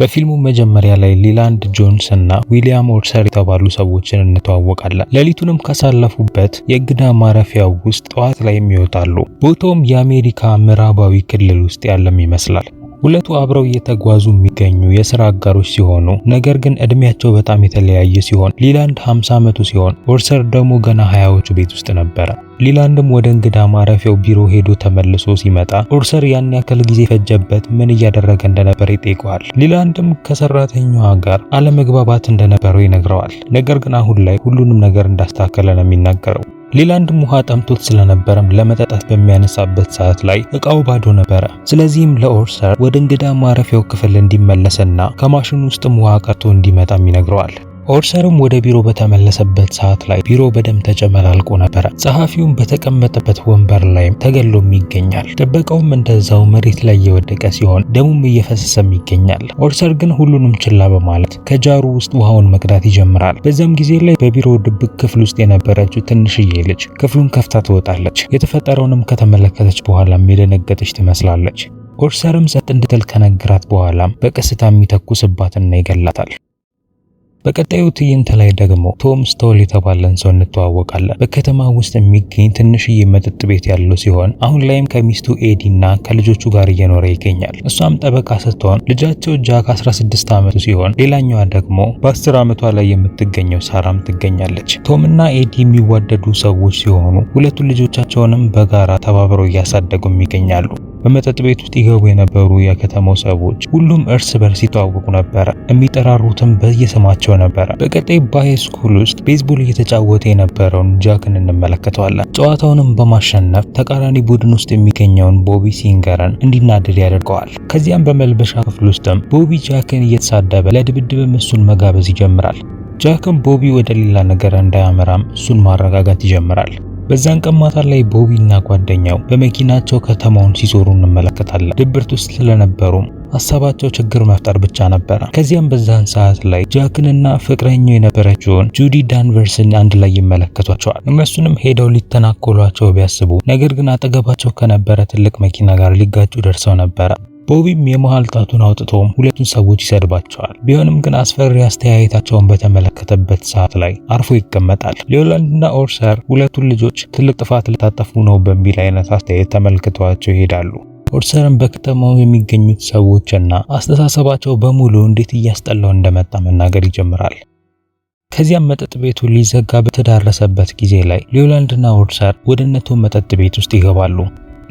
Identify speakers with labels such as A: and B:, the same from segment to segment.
A: በፊልሙ መጀመሪያ ላይ ሊላንድ ጆንስ እና ዊሊያም ኦርሰር የተባሉ ሰዎችን እንተዋወቃለን። ሌሊቱንም ካሳለፉበት የእንግዳ ማረፊያ ውስጥ ጠዋት ላይ ይወጣሉ። ቦታውም የአሜሪካ ምዕራባዊ ክልል ውስጥ ያለም ይመስላል። ሁለቱ አብረው እየተጓዙ የሚገኙ የሥራ አጋሮች ሲሆኑ ነገር ግን እድሜያቸው በጣም የተለያየ ሲሆን ሊላንድ 50 ዓመቱ ሲሆን ኦርሰር ደግሞ ገና ሀያዎቹ ቤት ውስጥ ነበረ። ሊላንድም ወደ እንግዳ ማረፊያው ቢሮ ሄዶ ተመልሶ ሲመጣ ኦርሰር ያን ያክል ጊዜ ፈጀበት ምን እያደረገ እንደነበር ይጠይቀዋል። ሊላንድም ከሰራተኛዋ ጋር አለመግባባት እንደነበረው ይነግረዋል። ነገር ግን አሁን ላይ ሁሉንም ነገር እንዳስተካከለ ነው የሚናገረው። ሌላንድም ውሃ ጠምቶት ስለነበረም ለመጠጣት በሚያነሳበት ሰዓት ላይ እቃው ባዶ ነበረ። ስለዚህም ለኦርሰር ወደ እንግዳ ማረፊያው ክፍል እንዲመለስና ከማሽኑ ውስጥም ውሃ ቀርቶ እንዲመጣም ይነግረዋል። ኦርሰርም ወደ ቢሮ በተመለሰበት ሰዓት ላይ ቢሮ በደም ተጨመላልቆ ነበረ። ጸሐፊውም በተቀመጠበት ወንበር ላይ ተገሎም ይገኛል። ጥበቃውም እንደዛው መሬት ላይ እየወደቀ ሲሆን ደሙም እየፈሰሰም ይገኛል። ኦርሰር ግን ሁሉንም ችላ በማለት ከጃሩ ውስጥ ውሃውን መቅዳት ይጀምራል። በዚያም ጊዜ ላይ በቢሮ ድብቅ ክፍል ውስጥ የነበረችው ትንሽዬ ልጅ ክፍሉን ከፍታ ትወጣለች። የተፈጠረውንም ከተመለከተች በኋላ የደነገጠች ትመስላለች። ኦርሰርም ሰጥ እንድትል ከነገራት በኋላም በቀስታ የሚተኩስባትና ይገላታል። በቀጣዩ ትዕይንት ላይ ደግሞ ቶም ስቶል የተባለን ሰው እንተዋወቃለን። በከተማ ውስጥ የሚገኝ ትንሽዬ መጠጥ ቤት ያለው ሲሆን አሁን ላይም ከሚስቱ ኤዲ እና ከልጆቹ ጋር እየኖረ ይገኛል። እሷም ጠበቃ ስትሆን ልጃቸው ጃክ 16 ዓመቱ ሲሆን ሌላኛዋ ደግሞ በ10 ዓመቷ ላይ የምትገኘው ሳራም ትገኛለች። ቶም እና ኤዲ የሚዋደዱ ሰዎች ሲሆኑ ሁለቱ ልጆቻቸውንም በጋራ ተባብረው እያሳደጉም ይገኛሉ። በመጠጥ ቤት ውስጥ ይገቡ የነበሩ የከተማው ሰዎች ሁሉም እርስ በርስ ይተዋወቁ ነበረ። የሚጠራሩትም በየስማቸው ነበረ። በቀጣይ ባይ ስኩል ውስጥ ቤዝቦል እየተጫወተ የነበረውን ጃክን እንመለከተዋለን። ጨዋታውንም በማሸነፍ ተቃራኒ ቡድን ውስጥ የሚገኘውን ቦቢ ሲንገርን እንዲናደድ ያደርገዋል። ከዚያም በመልበሻ ክፍል ውስጥም ቦቢ ጃክን እየተሳደበ ለድብድብም እሱን መጋበዝ ይጀምራል። ጃክም ቦቢ ወደ ሌላ ነገር እንዳያመራም እሱን ማረጋጋት ይጀምራል። በዛን ቀን ማታ ላይ ቦቢ እና ጓደኛው በመኪናቸው ከተማውን ሲዞሩ እንመለከታለን። ድብርት ውስጥ ስለነበሩም ሀሳባቸው ችግር መፍጠር ብቻ ነበረ። ከዚያም በዛን ሰዓት ላይ ጃክንና ፍቅረኛው የነበረችውን ጁዲ ዳንቨርስን አንድ ላይ ይመለከቷቸዋል። እነሱንም ሄደው ሊተናኮሏቸው ቢያስቡ ነገር ግን አጠገባቸው ከነበረ ትልቅ መኪና ጋር ሊጋጩ ደርሰው ነበረ። ቦቢም የመሃል ጣቱን አውጥቶም ሁለቱን ሰዎች ይሰድባቸዋል። ቢሆንም ግን አስፈሪ አስተያየታቸውን በተመለከተበት ሰዓት ላይ አርፎ ይቀመጣል። ሊዮላንድና ኦርሰር ሁለቱን ልጆች ትልቅ ጥፋት ልታጠፉ ነው በሚል አይነት አስተያየት ተመልክተዋቸው ይሄዳሉ። ፖርተርን በከተማው የሚገኙት ሰዎች እና አስተሳሰባቸው በሙሉ እንዴት እያስጠላው እንደመጣ መናገር ይጀምራል። ከዚያም መጠጥ ቤቱ ሊዘጋ በተዳረሰበት ጊዜ ላይ ሊዮላንድና ኦርሰር ወደ መጠጥ ቤት ውስጥ ይገባሉ።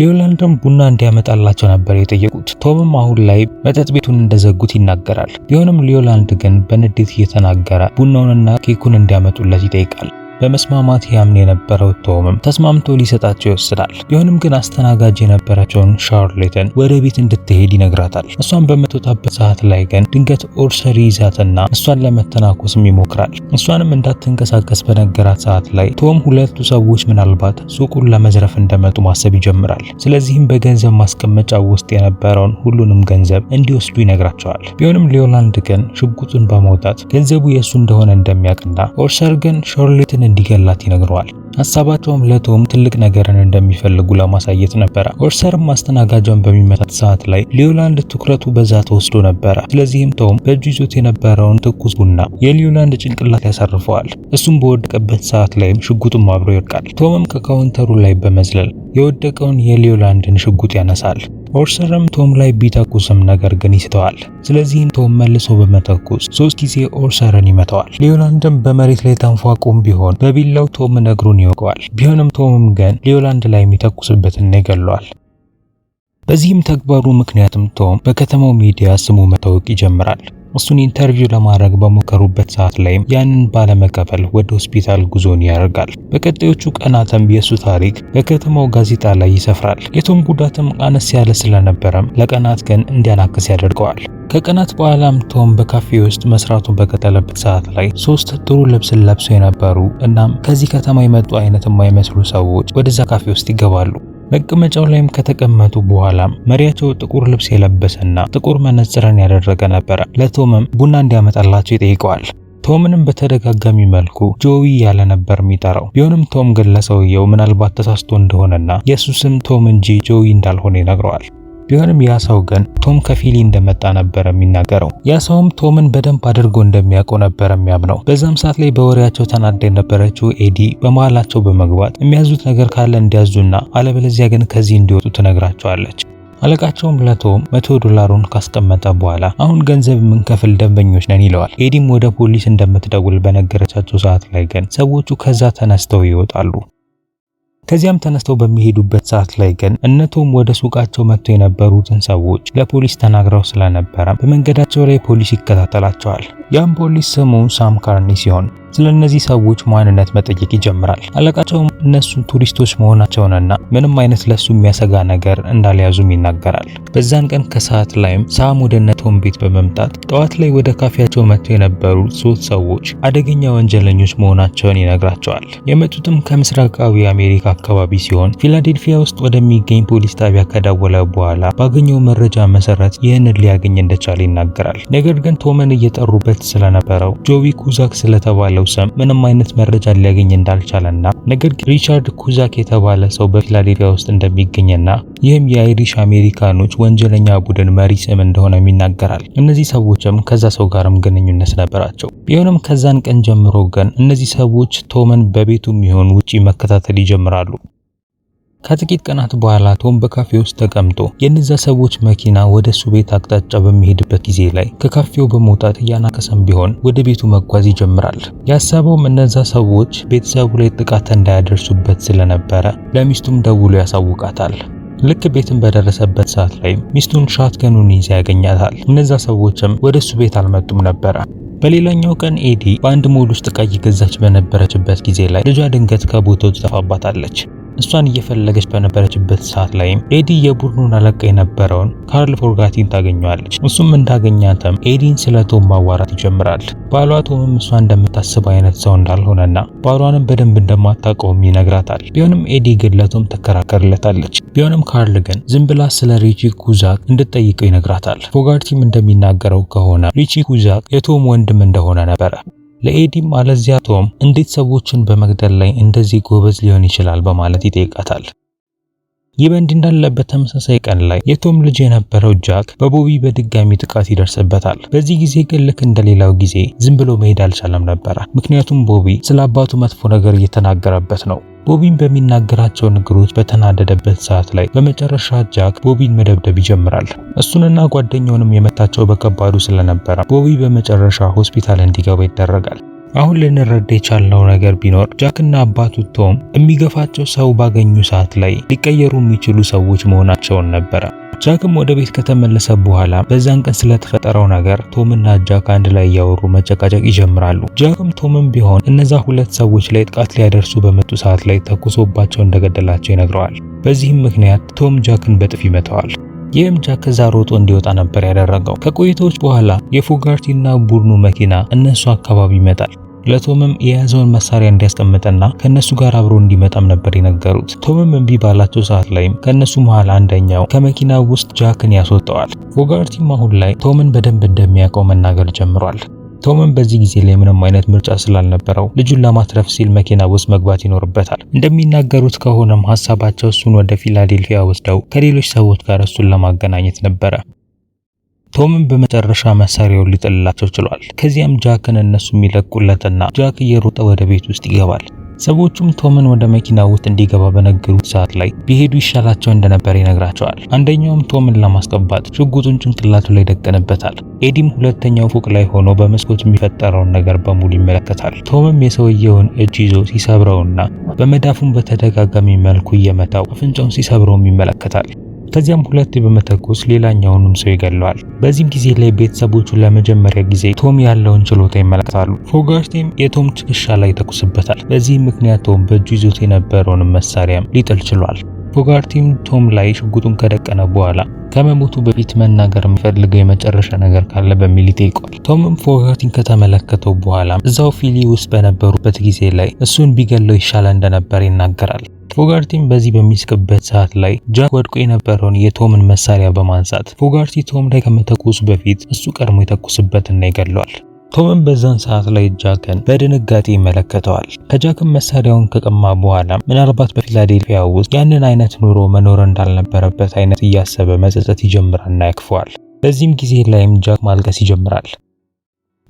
A: ሊዮላንድም ቡና እንዲያመጣላቸው ነበር የጠየቁት። ቶምም አሁን ላይ መጠጥ ቤቱን እንደዘጉት ይናገራል። ቢሆንም ሊዮላንድ ግን በንዴት እየተናገረ ቡናውንና ኬኩን እንዲያመጡለት ይጠይቃል። በመስማማት ያምን የነበረው ቶምም ተስማምቶ ሊሰጣቸው ይወስዳል። ቢሆንም ግን አስተናጋጅ የነበረችውን ሻርሌትን ወደ ቤት እንድትሄድ ይነግራታል። እሷን በምትወጣበት ሰዓት ላይ ግን ድንገት ኦርሰሪ ይዛትና እሷን ለመተናኮስም ይሞክራል። እሷንም እንዳትንቀሳቀስ በነገራት ሰዓት ላይ ቶም ሁለቱ ሰዎች ምናልባት ሱቁን ለመዝረፍ እንደመጡ ማሰብ ይጀምራል። ስለዚህም በገንዘብ ማስቀመጫ ውስጥ የነበረውን ሁሉንም ገንዘብ እንዲወስዱ ይነግራቸዋል። ቢሆንም ሊዮላንድ ግን ሽጉጡን በመውጣት ገንዘቡ የእሱ እንደሆነ እንደሚያውቅና ኦርሰር ግን ሻርሌትን እንዲገላት ይነግረዋል። ሀሳባቸውም ለቶም ትልቅ ነገርን እንደሚፈልጉ ለማሳየት ነበረ። ኦርሰርም ማስተናጋጇን በሚመታት ሰዓት ላይ ሊዮላንድ ትኩረቱ በዛ ተወስዶ ነበረ። ስለዚህም ቶም በእጁ ይዞት የነበረውን ትኩስ ቡና የሊዮላንድ ጭንቅላት ያሳርፈዋል። እሱም በወደቀበት ሰዓት ላይም ሽጉጡም አብሮ ይወድቃል። ቶምም ከካውንተሩ ላይ በመዝለል የወደቀውን የሊዮላንድን ሽጉጥ ያነሳል። ኦርሰርም ቶም ላይ ቢተኩስም ነገር ግን ይስተዋል። ስለዚህም ቶም መልሶ በመተኩስ ሶስት ጊዜ ኦርሰርን ይመታዋል። ሊዮላንድም በመሬት ላይ ተንፏቁም ቢሆን በቢላው ቶም እግሩን ይወቀዋል። ቢሆንም ቶምም ግን ሊዮላንድ ላይ የሚተኩስበትን ይገሏል በዚህም ተግባሩ ምክንያትም ቶም በከተማው ሚዲያ ስሙ መታወቅ ይጀምራል። እሱን ኢንተርቪው ለማድረግ በሞከሩበት ሰዓት ላይም ያንን ባለመቀበል ወደ ሆስፒታል ጉዞን ያደርጋል። በቀጣዮቹ ቀናትም የእሱ ታሪክ በከተማው ጋዜጣ ላይ ይሰፍራል። የቶም ጉዳትም አነስ ያለ ስለነበረም ለቀናት ግን እንዲያናክስ ያደርገዋል። ከቀናት በኋላም ቶም በካፌ ውስጥ መስራቱን በቀጠለበት ሰዓት ላይ ሶስት ጥሩ ልብስን ለብሰው የነበሩ እናም ከዚህ ከተማ የመጡ አይነት የማይመስሉ ሰዎች ወደዛ ካፌ ውስጥ ይገባሉ። መቀመጫው ላይም ከተቀመጡ በኋላ መሪያቸው ጥቁር ልብስ የለበሰና ጥቁር መነጽርን ያደረገ ነበረ። ለቶምም ቡና እንዲያመጣላቸው ይጠይቀዋል። ቶምንም በተደጋጋሚ መልኩ ጆዊ ያለ ነበር የሚጠራው። ቢሆንም ቶም ግን ለሰውየው ምናልባት ተሳስቶ እንደሆነና የእሱ ስም ቶም እንጂ ጆዊ እንዳልሆነ ይነግረዋል። ቢሆንም ያ ሰው ግን ቶም ከፊሊ እንደመጣ ነበር የሚናገረው። ያ ሰውም ቶምን በደንብ አድርጎ እንደሚያውቀው ነበር የሚያምነው። በዛም ሰዓት ላይ በወሬያቸው ተናዳ የነበረችው ኤዲ በመሃላቸው በመግባት የሚያዙት ነገር ካለ እንዲያዙና አለበለዚያ ግን ከዚህ እንዲወጡ ትነግራቸዋለች። አለቃቸውም ለቶም መቶ ዶላሩን ካስቀመጠ በኋላ አሁን ገንዘብ የምንከፍል ደንበኞች ነን ይለዋል። ኤዲም ወደ ፖሊስ እንደምትደውል በነገረቻቸው ሰዓት ላይ ግን ሰዎቹ ከዛ ተነስተው ይወጣሉ። ከዚያም ተነስተው በሚሄዱበት ሰዓት ላይ ግን እነቶም ወደ ሱቃቸው መጥቶ የነበሩትን ሰዎች ለፖሊስ ተናግረው ስለነበረ በመንገዳቸው ላይ ፖሊስ ይከታተላቸዋል። ያም ፖሊስ ስሙ ሳም ካርኒ ሲሆን ስለ እነዚህ ሰዎች ማንነት መጠየቅ ይጀምራል። አለቃቸውም እነሱ ቱሪስቶች መሆናቸውንና ምንም አይነት ለሱ የሚያሰጋ ነገር እንዳልያዙም ይናገራል። በዛን ቀን ከሰዓት ላይም ሳም ወደ ነቶም ቤት በመምጣት ጠዋት ላይ ወደ ካፌያቸው መጥተው የነበሩ ሶስት ሰዎች አደገኛ ወንጀለኞች መሆናቸውን ይነግራቸዋል። የመጡትም ከምስራቃዊ አሜሪካ አካባቢ ሲሆን ፊላዴልፊያ ውስጥ ወደሚገኝ ፖሊስ ጣቢያ ከዳወለ በኋላ ባገኘው መረጃ መሰረት ይህንን ሊያገኝ እንደቻለ ይናገራል። ነገር ግን ቶመን እየጠሩበት ስለነበረው ጆዊ ኩዛክ ስለተባለው ሰም ምንም አይነት መረጃ ሊያገኝ እንዳልቻለና ነገር ግን ሪቻርድ ኩዛክ የተባለ ሰው በፊላዴልፊያ ውስጥ እንደሚገኝና ይህም የአይሪሽ አሜሪካኖች ወንጀለኛ ቡድን መሪ ስም እንደሆነም ይናገራል። እነዚህ ሰዎችም ከዛ ሰው ጋርም ግንኙነት ነበራቸው። ቢሆንም ከዛን ቀን ጀምሮ ግን እነዚህ ሰዎች ቶመን በቤቱ የሚሆን ውጪ መከታተል ይጀምራሉ። ከጥቂት ቀናት በኋላ ቶም በካፌ ውስጥ ተቀምጦ የነዛ ሰዎች መኪና ወደ እሱ ቤት አቅጣጫ በሚሄድበት ጊዜ ላይ ከካፌው በመውጣት እያናከሰም ቢሆን ወደ ቤቱ መጓዝ ይጀምራል። ያሰበውም እነዛ ሰዎች ቤተሰቡ ላይ ጥቃት እንዳያደርሱበት ስለነበረ ለሚስቱም ደውሎ ያሳውቃታል። ልክ ቤትን በደረሰበት ሰዓት ላይ ሚስቱን ሻትገኑን ይዛ ያገኛታል። እነዛ ሰዎችም ወደ እሱ ቤት አልመጡም ነበረ። በሌላኛው ቀን ኤዲ በአንድ ሞል ውስጥ ዕቃ እየገዛች በነበረችበት ጊዜ ላይ ልጇ ድንገት ከቦታው ትጠፋባታለች። እሷን እየፈለገች በነበረችበት ሰዓት ላይም ኤዲ የቡድኑን አለቃ የነበረውን ካርል ፎርጋቲን ታገኘዋለች። እሱም እንዳገኛትም ኤዲን ስለ ቶም ማዋራት ይጀምራል። ባሏ ቶምም እሷ እንደምታስብ አይነት ሰው እንዳልሆነና ባሏንም በደንብ እንደማታውቀውም ይነግራታል። ቢሆንም ኤዲ ግን ለቶም ትከራከርለታለች። ቢሆንም ካርል ግን ዝም ብላ ስለ ሪቺ ኩዛክ እንድትጠይቀው ይነግራታል። ፎጋርቲም እንደሚናገረው ከሆነ ሪቺ ኩዛክ የቶም ወንድም እንደሆነ ነበረ። ለኤዲም አለዚያ ቶም እንዴት ሰዎችን በመግደል ላይ እንደዚህ ጎበዝ ሊሆን ይችላል በማለት ይጠይቃታል። ይህ በእንዲህ እንዳለበት ተመሳሳይ ቀን ላይ የቶም ልጅ የነበረው ጃክ በቦቢ በድጋሚ ጥቃት ይደርስበታል። በዚህ ጊዜ ግን ልክ እንደሌላው ጊዜ ዝም ብሎ መሄድ አልቻለም ነበረ። ምክንያቱም ቦቢ ስለ አባቱ መጥፎ ነገር እየተናገረበት ነው። ቦቢን በሚናገራቸው ንግሮች በተናደደበት ሰዓት ላይ በመጨረሻ ጃክ ቦቢን መደብደብ ይጀምራል። እሱንና ጓደኛውንም የመታቸው በከባዱ ስለነበረ ቦቢ በመጨረሻ ሆስፒታል እንዲገባ ይደረጋል። አሁን ልንረዳ የቻልነው ነገር ቢኖር ጃክና አባቱ ቶም የሚገፋቸው ሰው ባገኙ ሰዓት ላይ ሊቀየሩ የሚችሉ ሰዎች መሆናቸውን ነበረ። ጃክም ወደ ቤት ከተመለሰ በኋላ በዛን ቀን ስለተፈጠረው ነገር ቶምና ጃክ አንድ ላይ እያወሩ መጨቃጨቅ ይጀምራሉ። ጃክም ቶምም ቢሆን እነዛ ሁለት ሰዎች ላይ ጥቃት ሊያደርሱ በመጡ ሰዓት ላይ ተኩሶባቸው እንደገደላቸው ይነግረዋል። በዚህም ምክንያት ቶም ጃክን በጥፊ ይመታዋል። ይህም ጃክ ከዛ ሮጦ እንዲወጣ ነበር ያደረገው። ከቆይታዎች በኋላ የፉጋርቲና ቡድኑ መኪና እነሱ አካባቢ ይመጣል። ለቶምም የያዘውን መሳሪያ እንዲያስቀምጥና ከነሱ ጋር አብሮ እንዲመጣም ነበር የነገሩት። ቶምም እምቢ ባላቸው ሰዓት ላይም ከነሱ መሃል አንደኛው ከመኪና ውስጥ ጃክን ያስወጠዋል። ፎጋርቲም አሁን ላይ ቶምን በደንብ እንደሚያውቀው መናገር ጀምሯል። ቶምም በዚህ ጊዜ ላይ ምንም አይነት ምርጫ ስላልነበረው ልጁን ለማትረፍ ሲል መኪና ውስጥ መግባት ይኖርበታል። እንደሚናገሩት ከሆነም ሀሳባቸው እሱን ወደ ፊላዴልፊያ ወስደው ከሌሎች ሰዎች ጋር እሱን ለማገናኘት ነበረ። ቶምም በመጨረሻ መሳሪያውን ሊጥልላቸው ችሏል። ከዚያም ጃክን እነሱ የሚለቁለትና ጃክ እየሮጠ ወደ ቤት ውስጥ ይገባል። ሰዎቹም ቶምን ወደ መኪና ውስጥ እንዲገባ በነገሩት ሰዓት ላይ ቢሄዱ ይሻላቸው እንደነበር ይነግራቸዋል። አንደኛውም ቶምን ለማስገባት ሽጉጡን ጭንቅላቱ ላይ ደቀንበታል። ኤዲም ሁለተኛው ፎቅ ላይ ሆኖ በመስኮት የሚፈጠረውን ነገር በሙሉ ይመለከታል። ቶምም የሰውየውን እጅ ይዞ ሲሰብረውና በመዳፉም በተደጋጋሚ መልኩ እየመታው አፍንጫውን ሲሰብረውም ይመለከታል። ከዚያም ሁለት በመተኮስ ሌላኛውንም ሰው ይገለዋል። በዚህም ጊዜ ላይ ቤተሰቦቹ ለመጀመሪያ ጊዜ ቶም ያለውን ችሎታ ይመለከታሉ። ፎጋሽቴም የቶም ትከሻ ላይ ተኩስበታል። በዚህም ምክንያት ቶም በእጁ ይዞት የነበረውን መሳሪያም ሊጥል ችሏል። ፎጋርቲም ቶም ላይ ሽጉጡን ከደቀነ በኋላ ከመሞቱ በፊት መናገር የሚፈልገው የመጨረሻ ነገር ካለ በሚል ይጠይቋል። ቶምም ፎጋርቲን ከተመለከተው በኋላ እዛው ፊሊ ውስጥ በነበሩበት ጊዜ ላይ እሱን ቢገለው ይሻለ እንደነበር ይናገራል። ፎጋርቲም በዚህ በሚስቅበት ሰዓት ላይ ጃክ ወድቆ የነበረውን የቶምን መሳሪያ በማንሳት ፎጋርቲ ቶም ላይ ከመተኮሱ በፊት እሱ ቀድሞ የተኩስበትና ይገለዋል። ቶምም በዛን ሰዓት ላይ ጃክን በድንጋጤ ይመለከተዋል። ከጃክም መሳሪያውን ከቀማ በኋላ ምናልባት በፊላዴልፊያ ውስጥ ያንን አይነት ኑሮ መኖር እንዳልነበረበት አይነት እያሰበ መጸጸት ይጀምራልና ያክፈዋል። በዚህም ጊዜ ላይም ጃክ ማልቀስ ይጀምራል።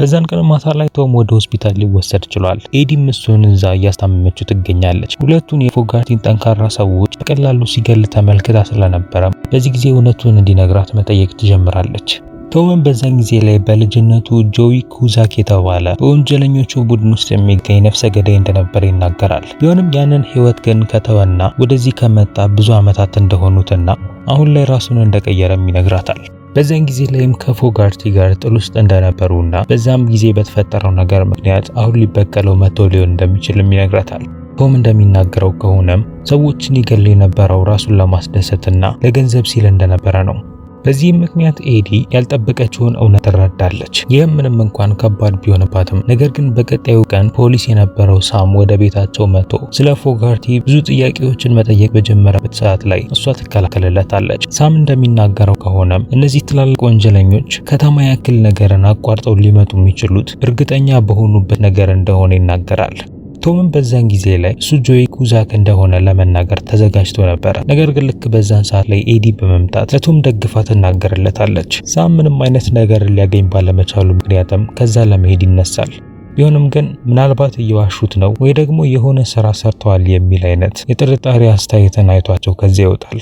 A: በዛን ቀን ማታ ላይ ቶም ወደ ሆስፒታል ሊወሰድ ችሏል። ኤዲም እሱን እዛ እያስታመመችው ትገኛለች። ሁለቱን የፎጋርቲን ጠንካራ ሰዎች በቀላሉ ሲገል ተመልክታ ስለነበረ በዚህ ጊዜ እውነቱን እንዲነግራት መጠየቅ ትጀምራለች። ቶምም በዛን ጊዜ ላይ በልጅነቱ ጆዊ ኩዛክ የተባለ በወንጀለኞቹ ቡድን ውስጥ የሚገኝ ነፍሰ ገዳይ እንደነበር ይናገራል። ቢሆንም ያንን ህይወት ግን ከተወና ወደዚህ ከመጣ ብዙ ዓመታት እንደሆኑትና አሁን ላይ ራሱን እንደቀየረም ይነግራታል። በዚያን ጊዜ ላይም ከፎጋርቲ ጋር ጥል ውስጥ እንደነበሩና በዛም ጊዜ በተፈጠረው ነገር ምክንያት አሁን ሊበቀለው መቶ ሊሆን እንደሚችልም ይነግራታል። ቶም እንደሚናገረው ከሆነም ሰዎችን ይገል የነበረው ራሱን ለማስደሰትና ለገንዘብ ሲል እንደነበረ ነው። በዚህም ምክንያት ኤዲ ያልጠበቀችውን እውነት ትረዳለች። ይህም ምንም እንኳን ከባድ ቢሆንባትም ነገር ግን በቀጣዩ ቀን ፖሊስ የነበረው ሳም ወደ ቤታቸው መጥቶ ስለ ፎጋርቲ ብዙ ጥያቄዎችን መጠየቅ በጀመረበት ሰዓት ላይ እሷ ትከላከልለታለች። ሳም እንደሚናገረው ከሆነም እነዚህ ትላልቅ ወንጀለኞች ከተማ ያክል ነገርን አቋርጠው ሊመጡ የሚችሉት እርግጠኛ በሆኑበት ነገር እንደሆነ ይናገራል። ቶምም በዛን ጊዜ ላይ እሱ ጆይ ኩዛክ እንደሆነ ለመናገር ተዘጋጅቶ ነበረ። ነገር ግን ልክ በዛን ሰዓት ላይ ኤዲ በመምጣት ለቶም ደግፋ ትናገርለታለች። ሳም ምንም አይነት ነገር ሊያገኝ ባለመቻሉ ምክንያትም ከዛ ለመሄድ ይነሳል። ቢሆንም ግን ምናልባት እየዋሹት ነው ወይ ደግሞ የሆነ ስራ ሰርተዋል የሚል አይነት የጥርጣሬ አስተያየትን አይቷቸው ከዚያ ይወጣል።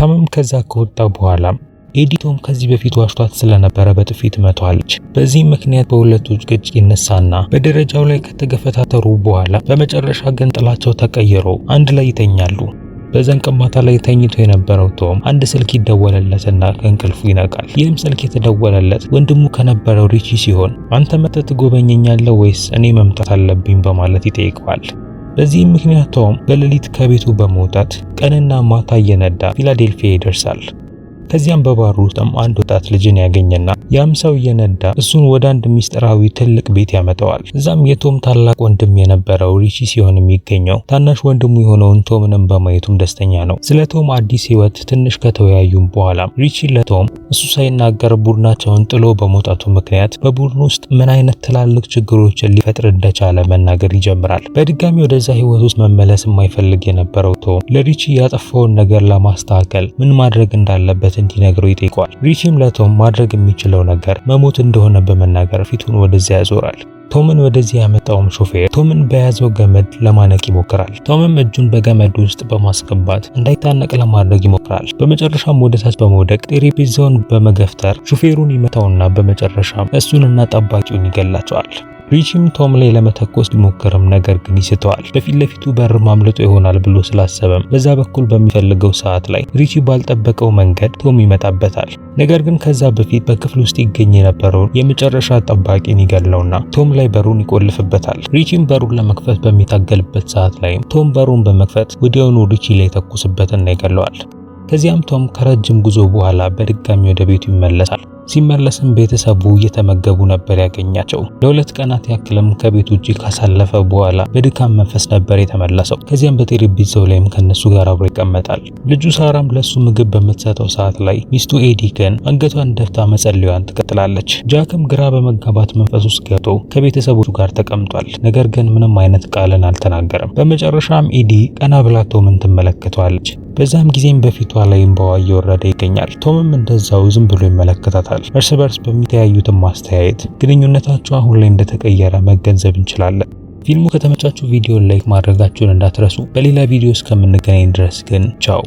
A: ሳምም ከዛ ከወጣ በኋላም ኤዲቶም ከዚህ በፊት ዋሽቷት ስለነበረ በጥፊት ትመቷለች። በዚህም ምክንያት በሁለቱ ግጭት ይነሳና በደረጃው ላይ ከተገፈታተሩ በኋላ በመጨረሻ ግን ጥላቸው ተቀይሮ አንድ ላይ ይተኛሉ። በዛን ቀን ላይ ተኝቶ የነበረው ቶም አንድ ስልክ ይደወለለትና ከእንቅልፉ ይነቃል። ይህም ስልክ የተደወለለት ወንድሙ ከነበረው ሪቺ ሲሆን አንተ መጥተህ ትጎበኘኛለህ ወይስ እኔ መምጣት አለብኝ በማለት ይጠይቀዋል። በዚህም ምክንያት ቶም በሌሊት ከቤቱ በመውጣት ቀንና ማታ እየነዳ ፊላዴልፊያ ይደርሳል። ከዚያም በባሩ ውስጥም አንድ ወጣት ልጅን ያገኘና ያም ሰው እየነዳ እሱን ወደ አንድ ሚስጥራዊ ትልቅ ቤት ያመጣዋል። እዛም የቶም ታላቅ ወንድም የነበረው ሪቺ ሲሆን የሚገኘው ታናሽ ወንድሙ የሆነውን ቶምንም በማየቱም ደስተኛ ነው። ስለ ቶም አዲስ ህይወት ትንሽ ከተወያዩም በኋላ ሪቺ ለቶም እሱ ሳይናገር ቡድናቸውን ጥሎ በመውጣቱ ምክንያት በቡድኑ ውስጥ ምን አይነት ትላልቅ ችግሮችን ሊፈጥር እንደቻለ መናገር ይጀምራል። በድጋሚ ወደዛ ህይወት ውስጥ መመለስ የማይፈልግ የነበረው ቶም ለሪቺ ያጠፋውን ነገር ለማስተካከል ምን ማድረግ እንዳለበት እንዲነግረው ይጠይቀዋል። ሪቺም ለቶም ማድረግ የሚችለው ነገር መሞት እንደሆነ በመናገር ፊቱን ወደዚያ ያዞራል። ቶምን ወደዚህ ያመጣውም ሾፌር ቶምን በያዘው ገመድ ለማነቅ ይሞክራል። ቶምም እጁን በገመድ ውስጥ በማስገባት እንዳይታነቅ ለማድረግ ይሞክራል። በመጨረሻም ወደ ታች በመውደቅ ጠረጴዛውን በመገፍተር ሾፌሩን ይመታውና በመጨረሻም እሱንና ጠባቂውን ይገላቸዋል። ሪቺም ቶም ላይ ለመተኮስ ቢሞክርም ነገር ግን ይስተዋል። በፊት ለፊቱ በር ማምለጦ ይሆናል ብሎ ስላሰበም በዛ በኩል በሚፈልገው ሰዓት ላይ ሪቺ ባልጠበቀው መንገድ ቶም ይመጣበታል። ነገር ግን ከዛ በፊት በክፍል ውስጥ ይገኝ የነበረውን የመጨረሻ ጠባቂን ይገለውና ቶም ላይ በሩን ይቆልፍበታል። ሪቺም በሩን ለመክፈት በሚታገልበት ሰዓት ላይም ቶም በሩን በመክፈት ወዲያውኑ ሪቺ ላይ ተኩስበትና ይገለዋል። ከዚያም ቶም ከረጅም ጉዞ በኋላ በድጋሚ ወደ ቤቱ ይመለሳል። ሲመለስም ቤተሰቡ እየተመገቡ ነበር ያገኛቸው። ለሁለት ቀናት ያክልም ከቤት ውጭ ካሳለፈ በኋላ በድካም መንፈስ ነበር የተመለሰው። ከዚያም በጠረጴዛው ላይም ከነሱ ጋር አብሮ ይቀመጣል። ልጁ ሳራም ለሱ ምግብ በምትሰጠው ሰዓት ላይ ሚስቱ ኤዲ ግን አንገቷን ደፍታ መጸለያዋን ትቀጥላለች። ጃክም ግራ በመጋባት መንፈስ ውስጥ ገብቶ ከቤተሰቦቹ ጋር ተቀምጧል። ነገር ግን ምንም አይነት ቃልን አልተናገረም። በመጨረሻም ኤዲ ቀና ብላ ቶምን ትመለከተዋለች። በዛም ጊዜም በፊቷ ላይ እንባዋ እየወረደ ይገኛል። ቶምም እንደዛው ዝም ብሎ ይመለከታታል። ይሰጣል። እርስ በርስ በሚተያዩትም ማስተያየት ግንኙነታቸው አሁን ላይ እንደተቀየረ መገንዘብ እንችላለን። ፊልሙ ከተመቻችሁ ቪዲዮ ላይክ ማድረጋችሁን እንዳትረሱ። በሌላ ቪዲዮ እስከምንገናኝ ድረስ ግን ቻው።